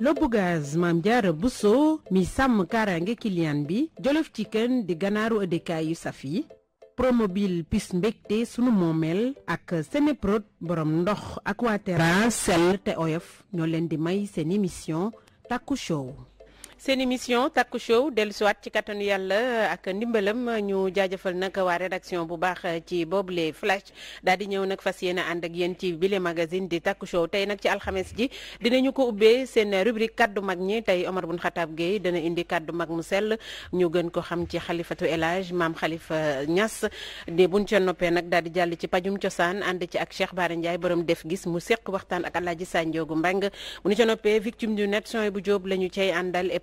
Lobugaz Mame Diarra Bousso mi sàmm kaaraange kiliyaan bi Jolof ci Chicken di ganaaru ëddekaay yu saf yi Promobil pis mbegte sunu moomeel ak Seneprot borom ndox Aquaterra sell te oyof ñoo leen di may seen émission Taku Show seen émission Taku Show dellu siwaat ci kattanu yàlla ak ndimbalam ñu jaajëfal nag waa rédaction bu baax ci boobule flash daal di ñëw nag fas yéen a ànd yéen ci bile magazine di Taku Show tey nag ci alxames ji dinañu ko ubbee seen rubrique kaddu mag ñi tey Omar Bun Xataab Gueye dana indi kaddu mag mu sell ñu gën ko xam ci xalifatu El Hadj maam xalifa Niass de buñ ca noppe nag daal di jàll ci pajum cosaan ànd ci ak Cheikh Bara Ndiaye borom def gis mu seq waxtaan ak El Hadj Sanjoogu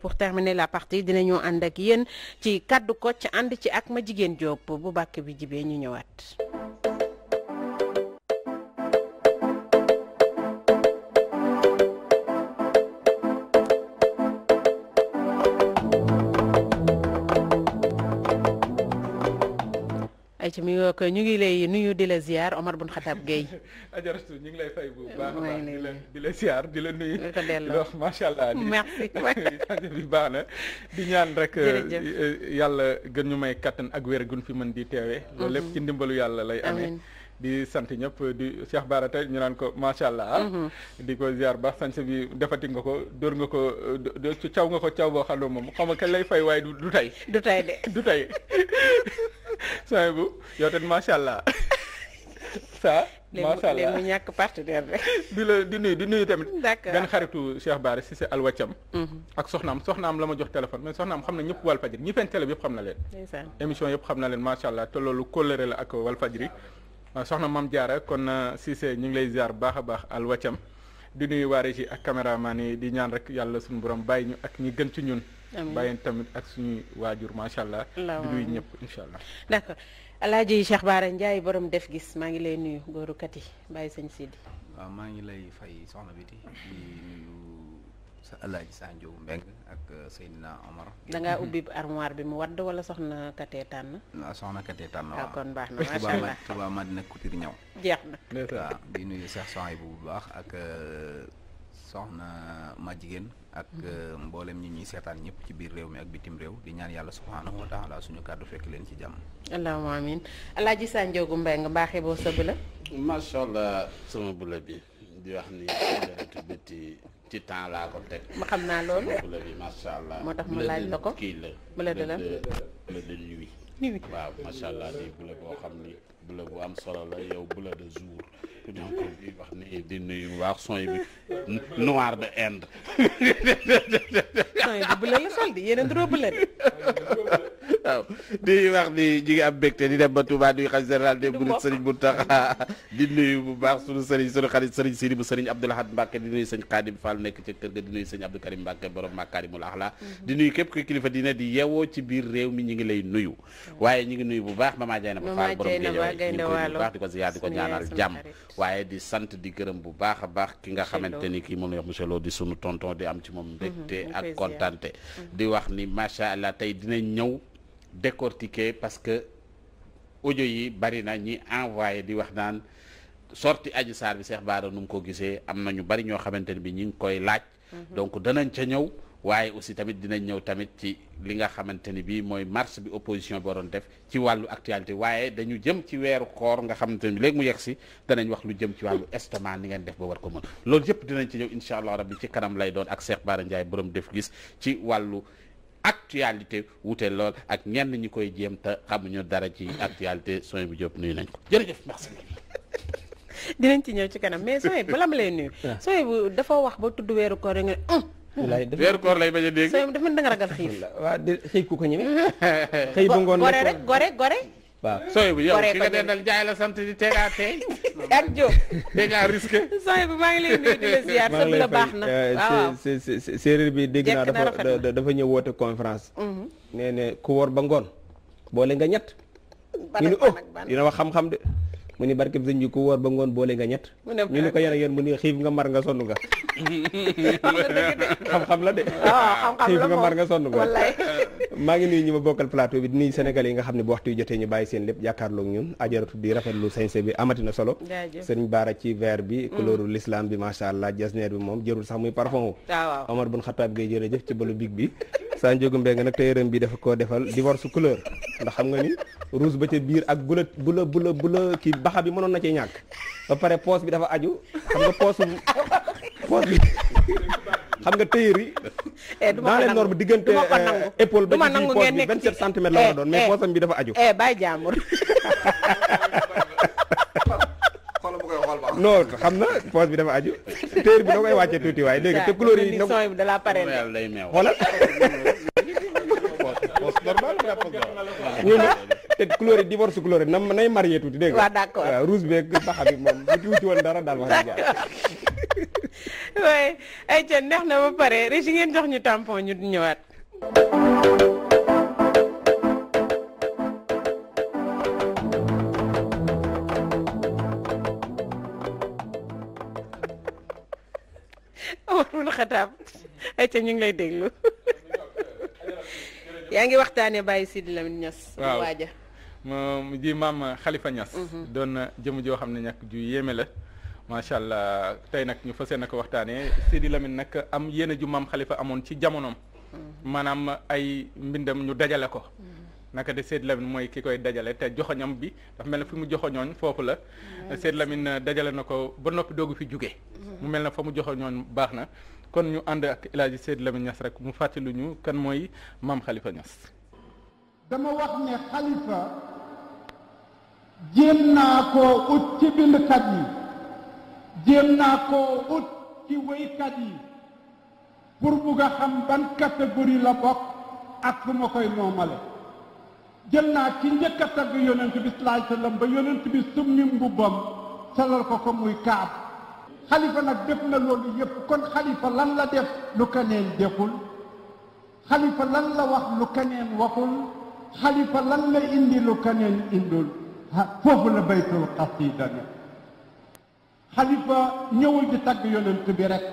pour terminer la partie dinañu ànd ak yéen ci kàddu ko ci ànd ci ak ma jigéen Diop bu bàkk bi jibee ñu ñëwaat. ci mi nga ñu ngi lay nuyu di la ziar Omar Bun Xataab Gueye. ajaratu ñu ngi lay fay bu baax a baax di la di la ziar di la nuyu. di ko delloo macha allah. merci bi baax na di ñaan rek. Euh, euh, yàlla gën ñu may kattan ak wér gun fi mën di teewee. Mhm. loolu lépp ci ndimbalu yàlla lay amee. di sant ñëpp di Cheikh Bara tey ñu naan ko macha allah. Mhm. di ko ziar baax sañse bi defati nga ko dóor nga ko caw nga ko caw boo xam moom xaw ma kañ lay fay waaye du tey. du tey de du tey. sëñ bu yow tamit macha allah. saa macha mu ñàkk partenaire rek. di la di nuyu di nuyu tamit. d'accord benn xaritu Cheikh Bara Cissé Al Waccam. Mhm. ak soxnaam soxnaam la ma jox téléphone mais soxnaam xam na ñëpp Walfadjri ñi fenn télé bi yëpp xam na leen. émission yëpp xam na leen macha allah te loolu kóllëre la ak faj Walfadjri soxna Mame Diarra kon na euh, Cissé ñu ngi lay ziar baax a baax Al Waccam di nuyu waa régie ak caméraman yi di ñaan rek yàlla suñu borom bàyyi ñu ak ñi gën ci ñun. bàyyi tamit ak suñuy waajur macha allah. di nuyu ñëpp incha allah. d' accord El Hadji Cheikh Bara Ndiaye borom def gis maa ngi lay nuyu góorukat yi bàyyi sañ Sidi. waaw maa ngi lay fay soxna bi di nuyu sa El Hadji Sa Ndiogou Mbengue ak euh, bi mu wadd wala soxna katee ah, tànn. waaw soxna ah, katee kon baax na macha allah Touba ñaw. jeex na waaw di nuyu sax bu baax ak euh, soxna ma jigéen. ak mhm. euh, mboolem ñi ñuy seetaan ñëpp ci biir réew mi ak bitim réew di ñaan yàlla subhaanahu wa taala suñu kàddu fekk leen ci jàmm. allahumma amiin El Hadj sa bëla. macha allah sama bëla bi di wax ni ci ci temps laa ko teg. ma xam naa loolu. bëla bi macha allah moo tax mu laaj la ko kii la. bëla de la bëla de nuit. nuit waaw macha allah di bëla boo xam ni bëla bu am solo la yow bëla de jour. donc di wax ni bi noir de Inde. son bi bu la la sol di yeneen robe la de. waaw di wax ni ñi ngi am mbégte di dem ba Touba nuyu xarit général des Mourides Serigne Mountakha di nuyu bu baax sunu Serigne sunu xarit Serigne Sidi bu Serigne Abdoul Ahad Mbacke di nuyu sëñ Khadim Fall nekk ca kër ga di nuyu sëñ Abdou Karim Mbacke borom Makarimul Axla mhm. di nuyu képp ku kilifa dina di yeewoo ci biir réew mi ñu ngi lay nuyu mhm. waaye ñu ngi nuyu bu baax mama Diayna ba Fall borom Guédiawaye bu baax di ko ziyaar di ko ñaanal jàmm waaye di sant di gërëm bu baax a baax ki nga xamante ni kii moom la wax monsieur Lo di sunu tonton di am ci moom mhm, mbégte ak kontante di wax ni macha allah tey dina ñëw décortiquer parce que ojo yi bari na ñi envoyé di wax naan sorti Adji Sarr bi Cheikh Bara nu mu ko gisee am na ñu bari ñoo xamante ne bi ñu ngi koy laaj. Mhm. donc danañ ca ñëw. waaye aussi tamit dinañ ñëw tamit ci li nga xamante ni bii mooy marche bi opposition bi waroon def ci wàllu actualité waaye dañu jëm ci weeru koor nga xamante ni léegi mu yegg si danañ wax lu jëm ci wàllu estomac ni ngeen def ba war ko mën loolu yëpp dinañ ci ñëw incha allah rabbi ci kanam lay doon ak Cheikh Bara borom def gis ci wàllu. actualité wute lool ak ñenn ñi koy jéem te xamuñu dara ci actualité sooy bu Diop nuyu nañ ko jërëjëf merci. dinañ ci ñëw ci kanam mais sooy bala ma lay nuyu. Ah. sooy bu dafa wax ba tudd weeru koor yi nga weeru koor lay bañ a dégg. sooy bu dafa da nga ragal xiif. waaw de xëy ku ko ñemee. xëy bu ngoon gore rek gore gore. waaw sooy bu yow ki nga dendal Njaay la sant di teegaa teey ak Diop teegaa sooy bu maa ngi lay di la ziar sant la baax na euh, waaw bi dégg naa dafa dafa ñëw woote conférence mm-hmm. nee ne ku woor ba ngoon boole nga ñett ñu oh, dina wax xam-xam de mu ni barkeb sëñ bi ku wóor ba ngoon boole nga ñett ñu ni ko yéen a yéen mu ni xiif nga mar nga sonn nga xam ah, nga maa ngi nuyu ñi ma bokkal plateau bi nuyu Sénégalais yi nga xam ne bu waxtu yu jotee ñu bàyyi seen lépp jàkkaarloog ñun ajaratu di rafetlu sañse bi amati na solo sëriñ Baara ci vert bi mm. couleuru l'islam bi macha allah jasneer bi moom jërul sax muy parfum ah, Omar bun Xataab gay jërëjëf ci balu big bi saa njógu mbee nga nag téyëram bi dafa koo defal divorce couleur ndax xam nga ni rouge ba ca biir ak bula bula bula bula kii baxa bi mënoon na cee ñàkk ba pare poos bi dafa aju xam nga poosu poos bi xam nga tailleur yi eh, dans les normes diggante euh, épaule ba ci fii poos bi 27 centimètres la war eh, a doon mais eh. poosam bi dafa aju bàyyi jaamur non xam na poos bi dafa aju tailleur bi da koy wàccee tuuti waaye dégg nga te couleur yi xoolal normal ñun te couleur divorce couleur na nay marié tuuti dégg nga. waaw d'accord waaw rouge beeg baxa bi moom bu wuti woon dara daal waaye ay ca neex na ba pare régi ngeen jox ñu tampon ñu ñëwaat. warul xataab ay ca ñu ngi lay déglu. yaa ngi waxtaanee Baye Sidi Lamine Niass. waaw waaja mu ji maam xalifa Niass. Mhm. doon jëm joo xam ne nag ju yéeme la. macha allah tey nag ñu fa yéene ko waxtaanee Sidi Lamine nag am yéene ju maam xalifa amoon ci jamonoom. Mhm. maanaam ay mbindam ñu dajale ko. Mhm. naka de Sidi Lamine mooy ki koy dajale te joxoñam bi dafa mel ne fu mu joxoñoon foofu la. Sidi Lamine dajale na ko ba noppi doogu fi jóge mu mel ne fa mu joxoñoon baax na kon ñu ànd ak El Hadj Sidi Lamine rek mu fàttalu ñu kan mooy maam xalifa Niass. dama wax ne xalifa jéem naa koo ut ci bindkat yi jéem naa koo ut ci wéykat yi pour bugg a xam ban catégorie la bokk ak bu ma koy moomale jël naa ci njëkk a tagg yonent bi salaay sallam bi summi mbubbam salal ko ko muy kaab xalifa nag def na loolu yépp kon xalifa lan la def lu keneen deful xalifa lan la wax lu keneen waxul xalifa lan la indi lu kaneen indul foofu la baytul xasida ne xalifa ñëwul di tagg yonent bi rek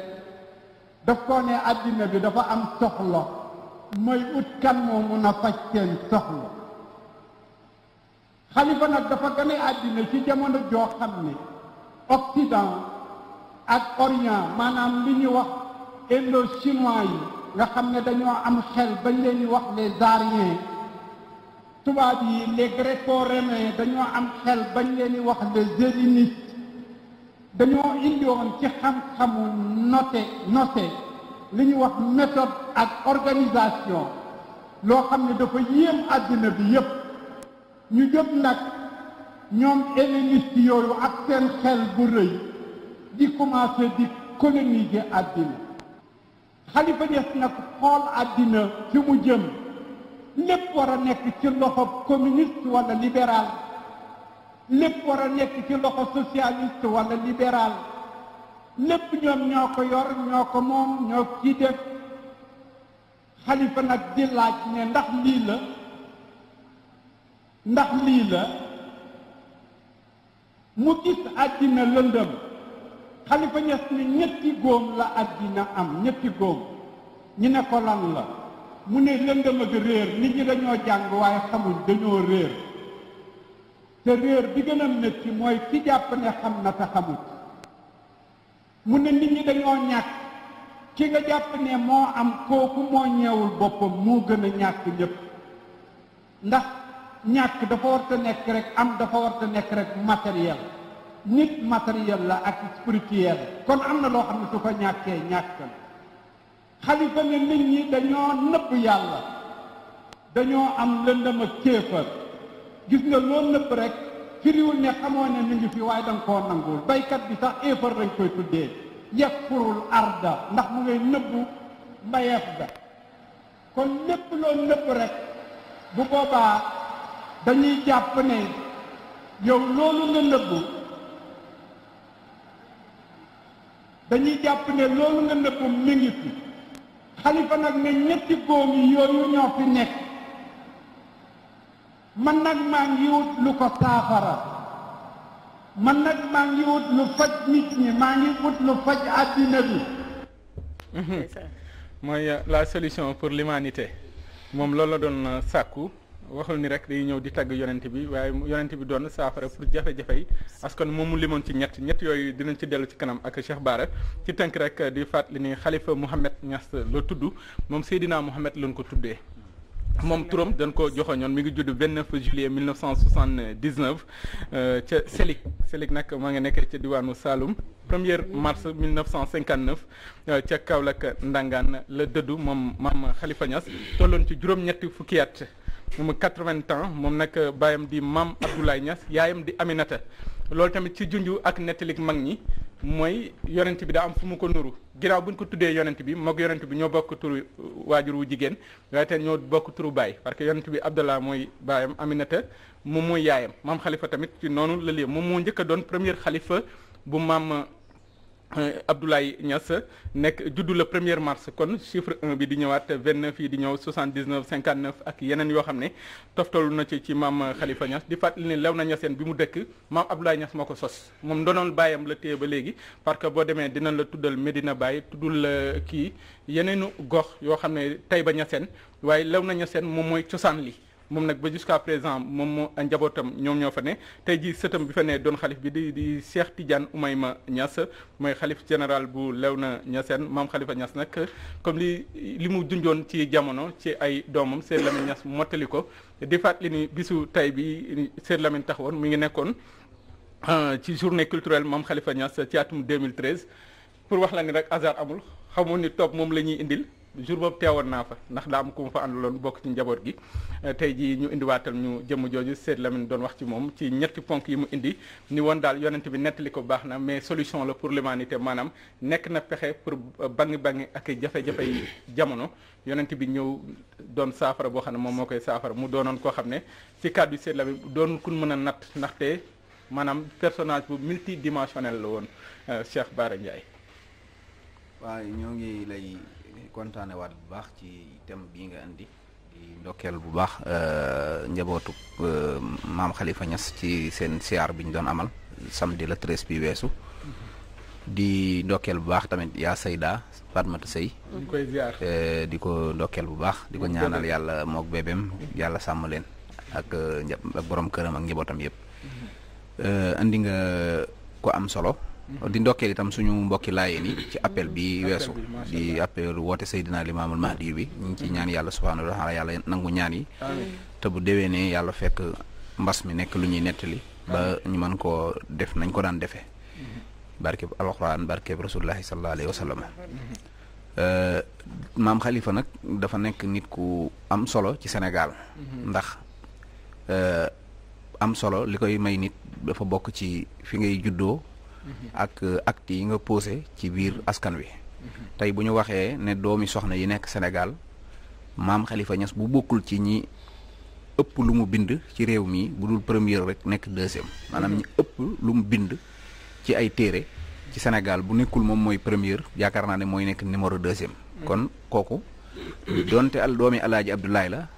daf koo ne àddina bi dafa am soxla mooy ut kan moo mun a faj seen soxla xalifa nag dafa gane àddina ci jamono joo xam ne occident ak orient maanaam li ñu wax indo chinois yi nga xam ne dañoo am xel bañ leen di wax les Ariens tubaab yi les gréco dañoo am xel bañ leen wax le zélénite dañoo indiwoon ci xam-xamu note noce li ñu wax méthode ak organisation loo xam ne dafa yéem àddina bi yépp ñu jóg nag ñoom helléniste yooyu ak seen xel bu rëy di commencé di coloniser àddina xalifa des nag xool àddina fi mu jëm lépp war a nekk ci loxo communiste wala libéral lépp war a nekk ci loxo socialiste wala libéral lépp ñoom ñoo ko yor ñoo ko moom ñoo ci def xalifa nag di laaj ne ndax lii la ndax lii la mu gis àddina lëndëm xalifa ñes ni ñetti góom la àddina am ñetti góom ñi ne ko lan la mu ne lëndëm ak réer nit ñi dañoo jàng waaye xamuñ dañoo réer te réer bi gën a métti mooy ki jàpp ne xam na te xamul mu ne nit ñi dañoo ñàkk ki nga jàpp ne moo am kooku moo ñeewul boppam moo gën a ñàkk ñëpp ndax ñàkk dafa war nekk rek am dafa war nekk rek matériel nit matériel la ak spirituel kon am na loo xam ne su ko ñàkkee ñàkk xalifa ne nit ñi dañoo nëbb yàlla dañoo am lëndëm ak gis nga lool nëbb rek firiwul ne xamoo ne mi ngi fi waaye danga koo nangul baykat bi sax éefër dañ koy tuddee yafurul arda ndax mu ngay nëbbu mbayeef ga kon lépp loo nëbb rek bu boobaa dañuy jàpp ne yow loolu nga nëbbu dañuy jàpp ne loolu nga nëbbu mi xalifa nag ne ñetti góom yi yooyu ñoo fi nekk man nag maa ngi wut lu ko saafara man nag maa ngi wut lu faj nit ñi maa ngi wut lu faj àddina bi mooy euh, la solution pour l'humanité moom loolu la doon euh, sàkku waxul ni rek day ñëw di tagg yonent bi waaye yonent bi doon saafara pour jafe-jafe yi askan moom mu limoon ci ñett ñett yooyu dinañ ci dellu ci kanam ak Cheikh Bara ci tënk rek di fàttali ni xalifa Mouhamed Niass la tudd moom Seydina Mouhamed lañ ko tuddee. moom turam dañ ko joxoñoon mi ngi judd 29 juillet 1979 euh, ca Selig Selig nag maa ngi nekk ca diwaanu Saloum. 1er mars 1959 euh, ca Kaolack Ndangaan la dëddu moom maam xalifa ñas tolloon ci juróom-ñetti fukki at. mu 80 ans moom nag euh, baayam di maam Abdoulaye Niass yaayam di Aminata loolu tamit ci junj ak nettalik mag ñi mooy yonent bi daa am fu mu ko nuru ginnaaw bu ñu ko tuddee yonent bi moog yonent bi ñoo bokk turu euh, waajur wu jigéen waaye te ñoo bokk turu baay parce que yonent bi Abdallah mooy baayam Aminata moom mooy yaayam maam xalifa tamit ci noonu la lii moom moo njëkk a doon premier xalifa bu maam. Euh, Euh, Abdoulaye ñas nekk juddu le premier mars kon chiffre 1 bi di ñëwaat 29 yi di ñëw 79 59 ak yeneen yoo xam ne toftalu na ci ci maam Khalifa Niass di fàttali ne Léona Niassène bi mu dëkk maam Abdoulaye Niass moo ko sos moom doonoon bàyyam la téye ba léegi parce que boo demee dina la tuddal Medina bàyyi tuddul la kii yeneenu gox yoo xam ne tey ba ñaseen waaye lew Léona Niassène moom mooy cosaan li moom nag ba jusqu'à présent moom moo njabootam ñoom ñoo fa ne tey ji sëtam bi fa ne doon xalif bi di di Cheikh Tidiane ma ñas mooy xalif général bu Léona Niassène maam Khalifa Niass nag comme li li mu junjoon ci jamono ci ay doomam Seyd Lamine Niass mottali ko di fàttali ni bisu tey bi Seyd Lamine taxawoon mi ngi nekkoon euh, ci journée culturel maam Khalifa Niass ci atum 2013 pour wax la ni rek hasard amul xamoon ni topp moom la ñuy indil jour boobu teewoon naa fa ndax daa am ku mu fa àndaloon bokk ci njaboot gi eh, tey jii ñu indiwaatal ñu jëmm jooju Seydou Lamine doon wax ci moom ci ñetti ponk yi mu indi ni woon daal yonent bi nettali ko baax na mais solution la pour l'humanité maanaam nekk na pexe pour bangi-bangi ak jafe-jafe yi jamono yonent bi ñëw doon saafara boo xam ne moom moo koy saafara mu doonoon koo xam ne ci kàddu Seydou Lamine doon kun mën a natt ndaxte maanaam personnage bu multidimensionnel la woon eh, Cheikh Bara Ndiaye ñoo ngi lay kontaane waat bu baax ci thème bii nga indi di ndokkeel bu baax euh, njabootu euh, maam Khalifa ñas ci seen siyaar bi ñu doon amal samedi la treize bi weesu di ndokkeel bu baax tamit yaa Sayda Fatmata Sey euh, di ko ndokkeel bu baax di ko ñaanal yàlla mook bébém yàlla sàmm leen ak borom këram ak njabootam yëpp indi mm-hmm. nga ko am solo Mm-hmm. di ndokkeel itam suñu mbokki laayeen yi ci appel bi weesu di appel woote Seydina Limaamul Mahdi bi ñu ngi ci ñaan yàlla subhaanahu wa taala yàlla nangu ñaan yi te bu déwénee yàlla fekk mbas mi nekk lu ñuy nettali ba ñu mën koo def nañ ko daan defee mm-hmm. barkeb alxuraan barkeb rasulullahi sallallahu alayhi wa sallam mm-hmm. uh, maam Khalifa nag dafa nekk nit ku am solo ci Sénégal ndax uh, am solo li koy may nit dafa bokk ci fi ngay juddoo Mm-hmm. ak euh, acte yi nga posé ci biir askan wi. Mm-hmm. tey bu ñu waxee ne doomi soxna yi nekk Sénégal maam Khalifa ñas bu bokkul ci ñi ëpp lu mu bind ci réew mi bu dul première rek nekk deuxième maanaam ñi mm-hmm. ëpp lu mu bind ci ay téere ci Sénégal bu nekkul moom mooy première yaakaar naa ne mooy nekk numéro deuxième. kon kooku doonte al doomi Alaaji Abdoulaye la.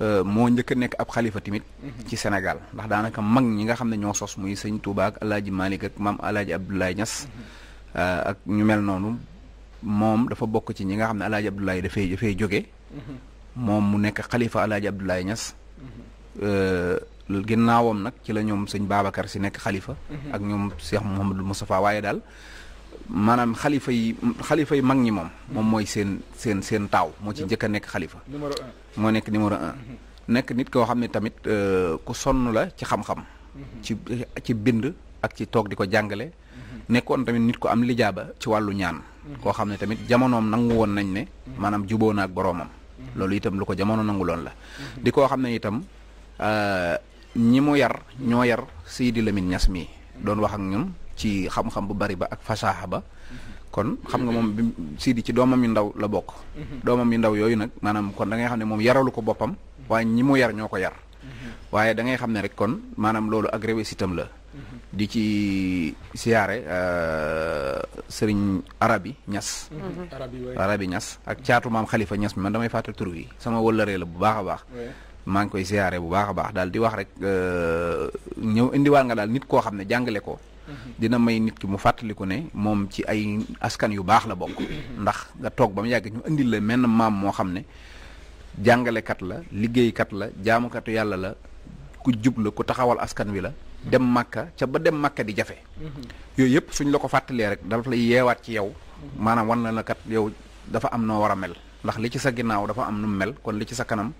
Euh, moo njëkk nekk ab xalifa tamit ci Sénégal ndax daanaka mag ñi nga xam ne ñoo sos muy sëñ Touba ak alaaji Malick ak maam alaaji Abdoulaye Niass euh, ak ñu mel noonu moom dafa bokk ci ñi nga xam ne alaaji Abdoulaye dafay dafay jóge moom mu nekk xalifa alaaji Abdoulaye Niass euh, ginnaawam nag ci la ñoom sëñ Babacar si nekk xalifa ak ñoom Cheikh Mouhamadul Moustapha waaye daal maanaam xalifa yi xalifa yi mag ñi moom moom mooy seen seen seen taaw moo ci njëkk a nekk xalifa moo nekk numéro mhm. nekk nit koo xam ne tamit euh, ku sonn la ci xam-xam mhm. ci bind ak ci toog di ko jàngale mhm. nekkoon tamit nit ko am lijaaba ci wàllu ñaan koo xam ne tamit jamonoom nangu woon nañ ne maanaam juboo na ak boroomam loolu itam lu ko jamono nangu loon la di koo xam ne itam euh, ñi mu yar ñoo yar Seydi Lamine Niass mii doon wax ak ñun ci xam-xam bu bari ba ak fasaaxa ba kon xam nga moom bi Sidi ci doomam yu ndaw la bokk doomam yu ndaw yooyu nag maanaam kon dangay xam ne moom yaralu ko boppam waaye ñi mu yar ñoo ko yar waaye da ngay xam ne rek kon maanaam loolu ak réwe sitam la di ci siyaare euh, sëriñ arabi ñas arabi ñas ak caatu maam xalifa ñas mi man damay fàtte tur yi sama wëllëree la bu baax a baax maa ngi koy siyaare bu baax a baax daal di wax rek euh, ñëw indiwaal nga daal nit koo xam ne jàngale ko dina may nit ki mu fàttaliku ne moom ci ay askan yu baax la bokk ndax nga toog ba yàgg ñu indil la menn maam moo xam ne jàngalekat la liggéeykat la jaamukatu yàlla la ku jub la ku taxawal askan wi la dem màkka ca ba dem màkka di jafe yooyu yëpp suñ la ko fàttalee rek dafa lay yeewaat ci yow maanaam war na la kat yow dafa am noo war a mel ndax li ci sa ginnaaw dafa am nu mel kon li ci sa kanam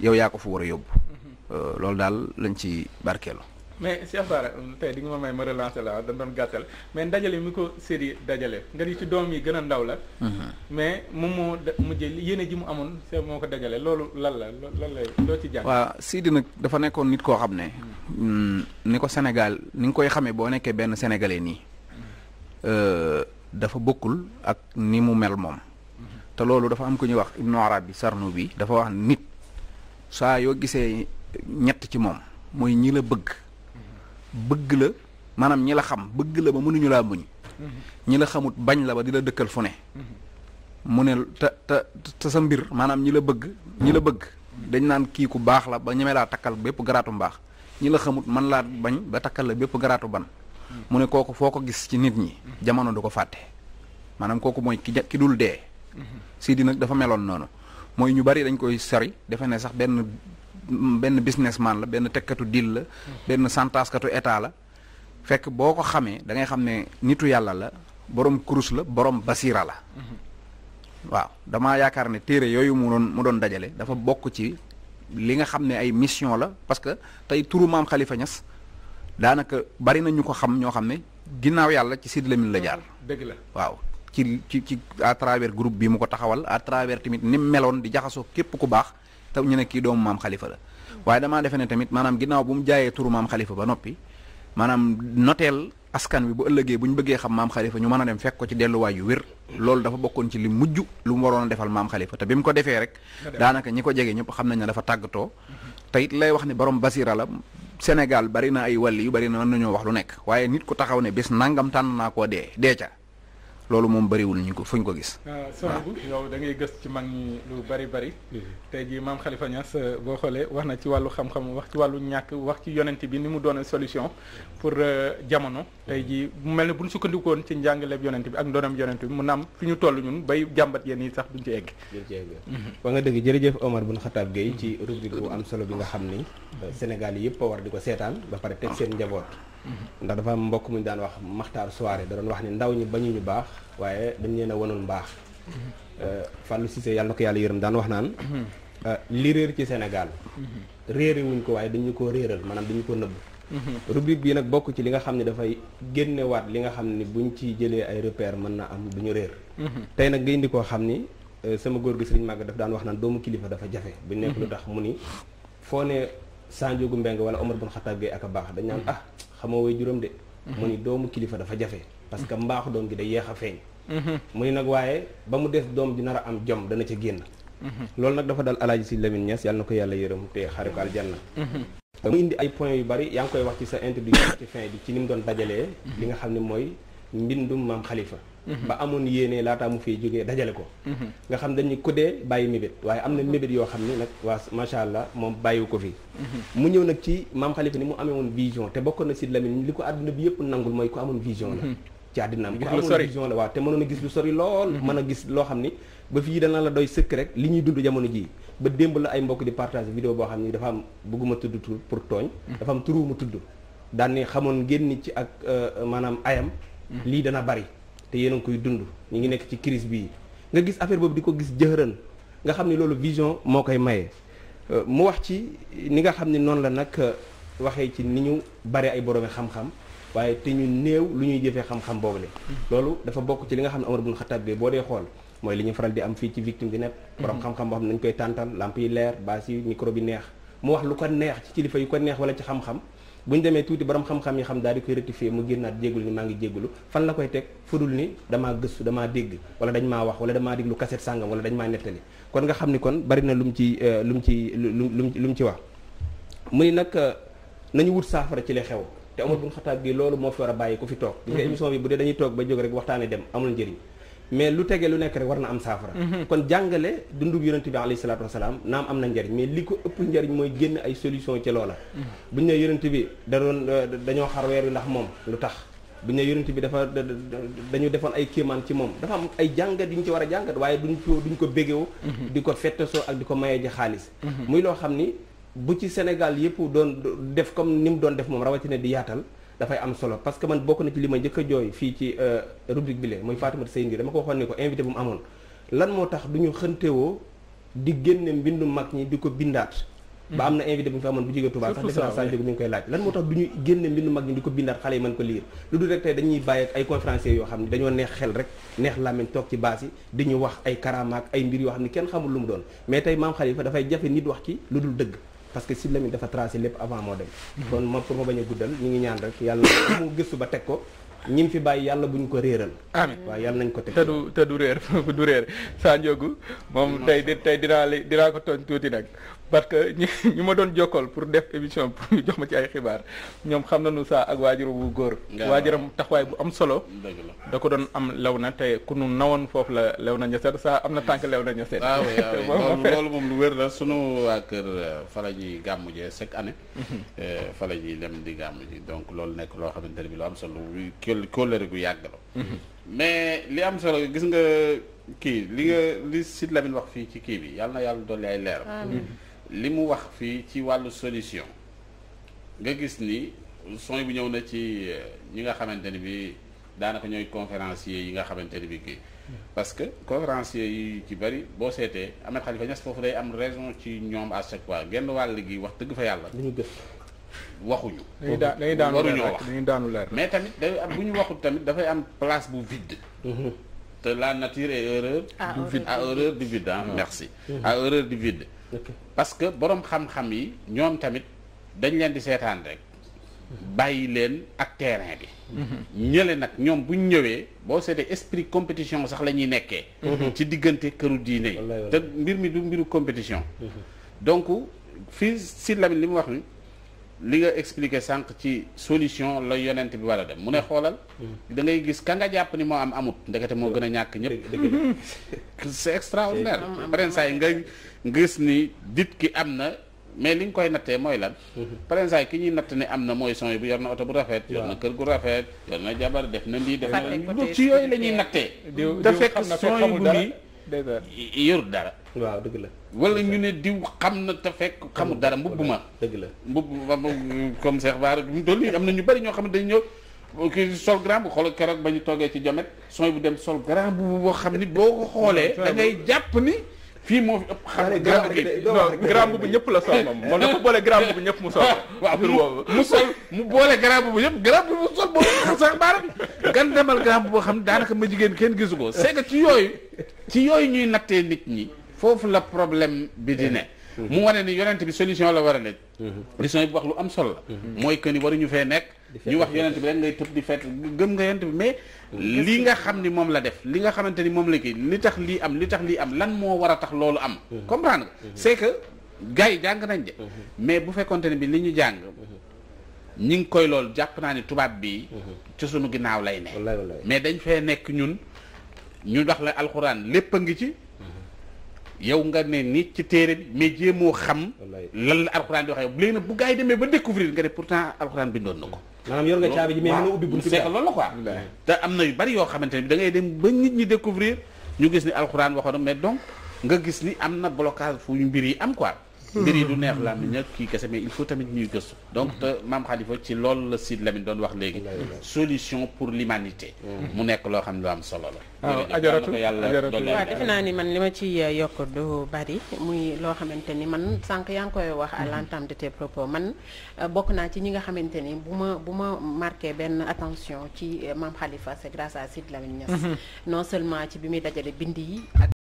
yow yaa ko fa war a yóbbu mm-hmm. euh, loolu daal lañ ci barkeelu mais Cheikh Bara tey di nga ma may ma relancer la da doon gàttal mais ndajale mi ko série dajale nga ni ci doom yi gën a ndaw la. Mhm. mais moom moo mujj yéene ji mu amoon Cheikh moo ko dajale loolu lan la lan la loo ci jàng. waaw Sidi nag dafa nekkoon nit koo xam ne. Mm, ni ko senegal ni nga koy xamee boo nekkee benn sénégalais nii. Mhm. Euh, dafa bokkul ak ni mu mel moom. Mhm. te loolu dafa am ku ñuy wax Ibnu bi Sarno bi dafa wax nit saa yoo gisee ñett ci moom mooy ñii la bëgg. bëgg la maanaam ñi la xam bëgg la ba mënuñu laa muñ ñi la xamut bañ la ba di la dëkkal fu ne mu ne te te sa mbir maanaam ñi la bëgg ñi la bëgg dañ naan kii ku baax la ba ñemee laa takkal bépp garaatu mbaax ñi la xamut man laa bañ ba takkal la bépp garaatu ban mu ne kooku foo ko gis ci nit ñi jamono du ko fàtte maanaam kooku mooy ki ki dul dee Sidi nag dafa meloon noonu mooy ñu bari dañ koy sori defe ne sax benn benn businessman la benn tekkatu deal la. benn santaskatu état la. fekk boo ko xamee da ngay xam ne nitu yàlla la boroom kurus la borom basiira la. waaw damaa yaakaar ne téere yooyu mu doon mu doon dajale dafa bokk ci li nga xam ne ay mission la parce que tey turu maam Khalifa ñas daanaka bari na ñu ko xam ñoo xam ne ginnaaw yàlla ci Sidy Lamine la jaar. Ah, dëgg la waaw ci ci ci à groupe bi mu ko taxawal à travers tamit ni meloon di jaxasoo képp ku baax. te ñu ne kii doomu maam xalifa la waaye damaa defe ne tamit maanaam ginnaaw bu mu jaayee turu maam xalifa ba noppi maanaam noteel askan bi bu ëllëgee bu ñu bëggee xam maam xalifa ñu man a dem fekk ko ci delluwaay yu wér loolu dafa bokkoon ci li mujj lu mu waroon a defal maam xalifa te bi mu ko defee rek daanaka ñi ko jege ñëpp xam nañ ne dafa tàggatoo te it lay wax ne borom basira la Sénégal bari na ay wàll yu bari na mën nañoo wax lu nekk waaye nit ku taxaw ne bés nangam tànn naa koo dee dee loolu moom bariwul ñu ko fuñ ko gis. waaw ah, ah. bu yow da ngay gëstu ci mag ñi lu bëri bari mm-hmm. tey jii maam Khalifa Niass euh, boo xoolee wax na ci wàllu xam-xam wax ci wàllu ñàkk wax ci yonent bi ni mu doon solution pour euh, jamono. tey jii mu mel ne bu sukkandikoon ci njàngaleeb yonent bi ak ndonam yonent bi mu naam fi ñu toll ñun bay jàmbat yéen yi sax duñ ci egg. duñ ci egg ba mm-hmm. nga dëgg jërëjëf Omar bu Bun Xataab Gueye mm-hmm. ci rubrique bu am solo bi nga xam ni euh, Sénégal yëpp war di ko seetaan ba pare teg seen njaboot ndax dafa am mbokk mu ñu daan wax maxtaar soirée da doon wax ni ndaw ñi bañu ñu baax waaye dañ leen a wanoon baax euh, Fallou Cissé yàlla na ko yàlla yërëm daan wax naan euh, li réer ci senegal réere wuñ ko waaye dañu ko réeral maanaam dañu ko nëbb rubrique bii nag bokk ci li nga xam ne dafay génnewaat li nga xam ne buñ ci jëlee ay repère mën na am du ñu réer tey nag nga indi koo xam ni euh, sama góor gi sëriñ màgg daf daan wax naan doomu kilifa dafa jafe buñ nekk lu tax mu ni foo ne Sanjoogu Mbeng wala Omar bun Xataab Gay ak baax dañ naan ah, xamoo way juróom de mhm. mu ni doomu kilifa dafa jafe parce que mhm. mbaaxu doom gi day yeex a feeñ mhm. mu ni nag waaye ba mu des doom ji nar a am jom dana ca génn loolu nag dafa dal alaaji si Lamine Niass yàlla na ko yàlla yërëm te xare ko aljanna mu indi ay point yu bari yaa ngi koy wax ci sa introduction ci fin bi ci ni mu doon dajalee li nga xam ne mooy mbindum maam xalifa Mhm. ba amoon yéene laataa mu fee jógee dajale ko mhm. nga xam dañu kuddee bàyyi mébét waaye am na mhm. mébét yoo xam ne nag waa macha allah moom bàyyiwu ko fi mu ñëw nag ci maam Khalifa ni mu amee woon vision te bokkoon na si Lamine li ko àdduna bi yëpp nangul mooy ko amoon vision la ci àddinaam ko amoon vision la waaw te mënoon a gis lu sori lool mën a gis loo xam ni ba fii dana la doy sëkk rek li ñuy dund jamono jii ba démb la ay mbokk di partage vidéo boo xam ni dafa am bëgguma tudd tur pour tooñ dafa am turu mu tudd daan ni xamoon génn ci ak euh, maanaam ayam lii dana bari te yéen a ngi koy dund ñu ngi nekk ci crise bii nga gis affaire boobu di ko gis jëhëran nga xam ni loolu vision moo koy maye. Euh, mu wax ci ni nga xam ni noonu la nag euh, waxee ci ni ñu bare ay boroomi xam-xam waaye te ñu néew lu ñuy jëfee xam-xam boobu boobule. loolu dafa bokk ci li nga xam ne bu bun Xataab bi boo dee xool. mooy li ñu faral di am fii ci victime di nekk. borom xam-xam boo xam ne koy tàntal lamp yi leer baas yi micro bi neex. mu wax lu ko neex ci kilifa yu ko neex wala ci xam bu ñu demee tuuti borom xam-xam yi xam daal di koy rectifier mu génnaat jégalu ni maa ngi jégalu fan la koy teg fu dul ni damaa gëstu damaa dégg wala dañ maa wax wala damaa déglu kaset sàngam wala dañ maa nettali kon nga xam ni kon bari na lu euh, mu ci lu mu ci lu mu ci wax mu ni nag euh, nañu wut saafara ci li xew te amul bu ñu xataat gi loolu moo fi war a bàyyi ku fi toog mm-hmm. gis nga émission bi bu dee dañuy toog ba jóg rek waxtaanee dem amul njëriñ mais lu tegee lu nekk rek war na am saafara mhm. kon jàngale dundub yonent bi alayhi salaatu wasalaam naam am na njariñ mais li ko ëpp njariñ mooy génn ay solution ci loola mhm. buñ ne yonent bi da euh, dañoo xar weer ndax moom lu tax bu ñu yonent bi dafa dañu defoon ay kéemaan ci moom dafa am ay jàngat yu ñu ci war a jàngat waaye duñ ko duñ ko bégewu mhm. di ko fettesoo ak di ko maye ji xaalis muy loo xam ni bu ci Sénégal yëpp doon def comme ni mu doon def moom rawatina di yaatal dafay am solo parce que man bokk na ci li ma njëkk a jooy fii ci euh, rubrique bi lee muy Fatoumata Seye Ndir dama ko waxoon ne ko invité bu mu amoon lan moo tax du ñu xëntewoo di génne mbindu mag ñi di ko bindaat ba am na invité bu ñu fa amoon lan moo tax du ñu génne mbindu mag ñi di ko bindaat xale yi mën ko liir lu dul rek tey dañuy bàyyi ak ay conférenciers yoo xam ne dañoo neex xel rek neex làmmiñ toog ci baas yi di ñu wax ay karaamaak ay mbir yoo xam ne kenn xamul lu mu doon mais tey maam Khalifa dafay jafe nit wax ci lu dul dëgg parce que Sidy Lamine dafa tracé lépp avant moo dem kon ma pour ma bañ a guddal ñu ngi ñaan rek yàlla mu gëstu ba teg ko ñim fi bàyyi yàlla buñ ko réeral amiin waaw yàlla nañ ko teg te du te du réer du réer Sa Ndiogou moom tey tey dinaa li dinaa ko tooñ tuuti nag parce que ñi ñu ma doon jokkool pour def émission pour ñu jox ma ci ay xibaar ñoom xam na nañu saa ak waajur wu góor waajuram taxawaay bu am solo da ko doon am lew na te ku nu nawoon foofu la lew na ña seet saa am na tànk lew na ña seet waaw ah ah lu wér la sunu waa kër euh, fala ji gàmmu jee chaque mhm. euh, fala ji dem di gàmmu ji donc loolu nekk loo xamante ne bi lu am solo kóllëre gu yàgg la mhm. mais li am solo gis nga kii li nga li Sidy Lamine wax fii ci kii bi yàlla na yàlla dolli ay leer li mu wax fii ci wàllu solution nga gis ni son bu ñëw na ci eh, ñi nga xamante ni bi daanaka ñooy conférencier yi nga xamante ni bi kii parce que conférencier yi ci bëri boo seetee Ahmed Khalifa Niass foofu day am raison ci ñoom à chaque fois genn wàll gi wax dëgg fa yàlla duñu gëf waxuñu waruñoo wax mais tamit day am bu ñu waxul tamit dafay am place bu vide mm-hmm. te la nature est horreur ah, du vide à horreur du vide ah merci à horreur parce que borom xam-xam yi ñoom tamit dañ leen di seetaan rek bàyyi leen ak terrain bi mhm. ñële nag ñoom buñ ñëwee boo seetee esprit compétition sax la ñuy nekkee mhm. ci diggante këru diine yi te mbir mi du mbiru compétition mhm. donc fii si Lamine li mu wax ni li nga expliqué sànq ci solution la yonent bi war a dem mu ne xoolal mm-hmm. da gis ka nga jàpp ni moo am amut ndekete moo gën a ñàkk ñëpp c'est extraordinaire pareensaay nga gis ni dit ki am na mais li nga koy nattee mooy lan mm-hmm. pareensaay ki ñuy natt ni am na mooy son bu yor na oto bu rafet yor na kër gu rafet yor na jabar def na lii def na ci yooyu la ñuy nattee te fekk bu nii yorut dara waaw dëgg la wala ñu ne diw xam na te fekk xamu dara mbubb ma dëgg la mbubb ma comme Cheikh Bara mu toll nii am na ñu bëri ñoo xam ne dañ ñëw ki sol grand bu xoolal keroog ba ñu toogee ci jomet sooy bu dem sol grand bu boo xam ni boo ko xoolee da ngay jàpp ni fii moo fi ëpp xam grand bi non grand bu ñëpp la sol moom moom dafa boole grand bu ñëpp mu sol waaw mu sol mu boole grand bu ñëpp grand bu mu sol boobu sax baara bi gan demal grand bu boo xam ne daanaka ma jigéen kenn gisu ko c'est ci yooyu ci yooyu ñuy nattee nit ñi foofu la problème bi di ne mu wane ni yonent bi solution la war a nekk solution mhm. bi wax lu am solo la mhm. mooy que ni waruñu fee nekk ñu wax yonent bi rek ngay tëb di fett gëm nga yonent bi mais mhm. li nga xam ni moom la def li nga xamante ni moom la kii li tax lii am li tax lii am lan moo war a tax loolu am comprendre nga c'est que gars yi jàng nañ de mais bu fekkonte ne bi li ñu jàng ñi ngi koy lool jàpp naa ni tubaab bii ci sunu ginnaaw lay ne mais dañ fee nekk ñun ñu wax la alxuraan lépp ngi ci yow nga ne nit ci téere bi mais jéemoo xam lan la alxuraan di waxee léegi nag bu gars yi demee ba découvrir nga ne pourtant alxuraan bindoon na ko maanaam yor nga caabi ji mais mën a ubbi buntu bi loolu la te am na yu bari yoo xamante ne bi da dem ba nit ñi découvrir ñu gis ni alxuraan waxoon na mais donc nga gis ni am na blocage fu mbir yi am quoi mbir yi du neex làmmiñ ak kii kese mais il faut tamit ñuy gëstu donc te maam Khalifa ci loolu la Sid Lamine doon wax léegi solution pour l'humanité mm. mu nekk loo xam ne lu am solo la ah, ajaratu ajaratu waaw defe naa ni man li ma ci euh, yokk du bari muy loo xamante ni man sànq yaa ngi koy wax à mm-hmm. l'entame de tes propos man euh, bokk naa ci ñi nga xamante ni bu ma bu ma marqué benn attention ci euh, maam Khalifa c'est grâce à Sid Lamine Niass mm-hmm. non seulement ci bi muy dajale bind yi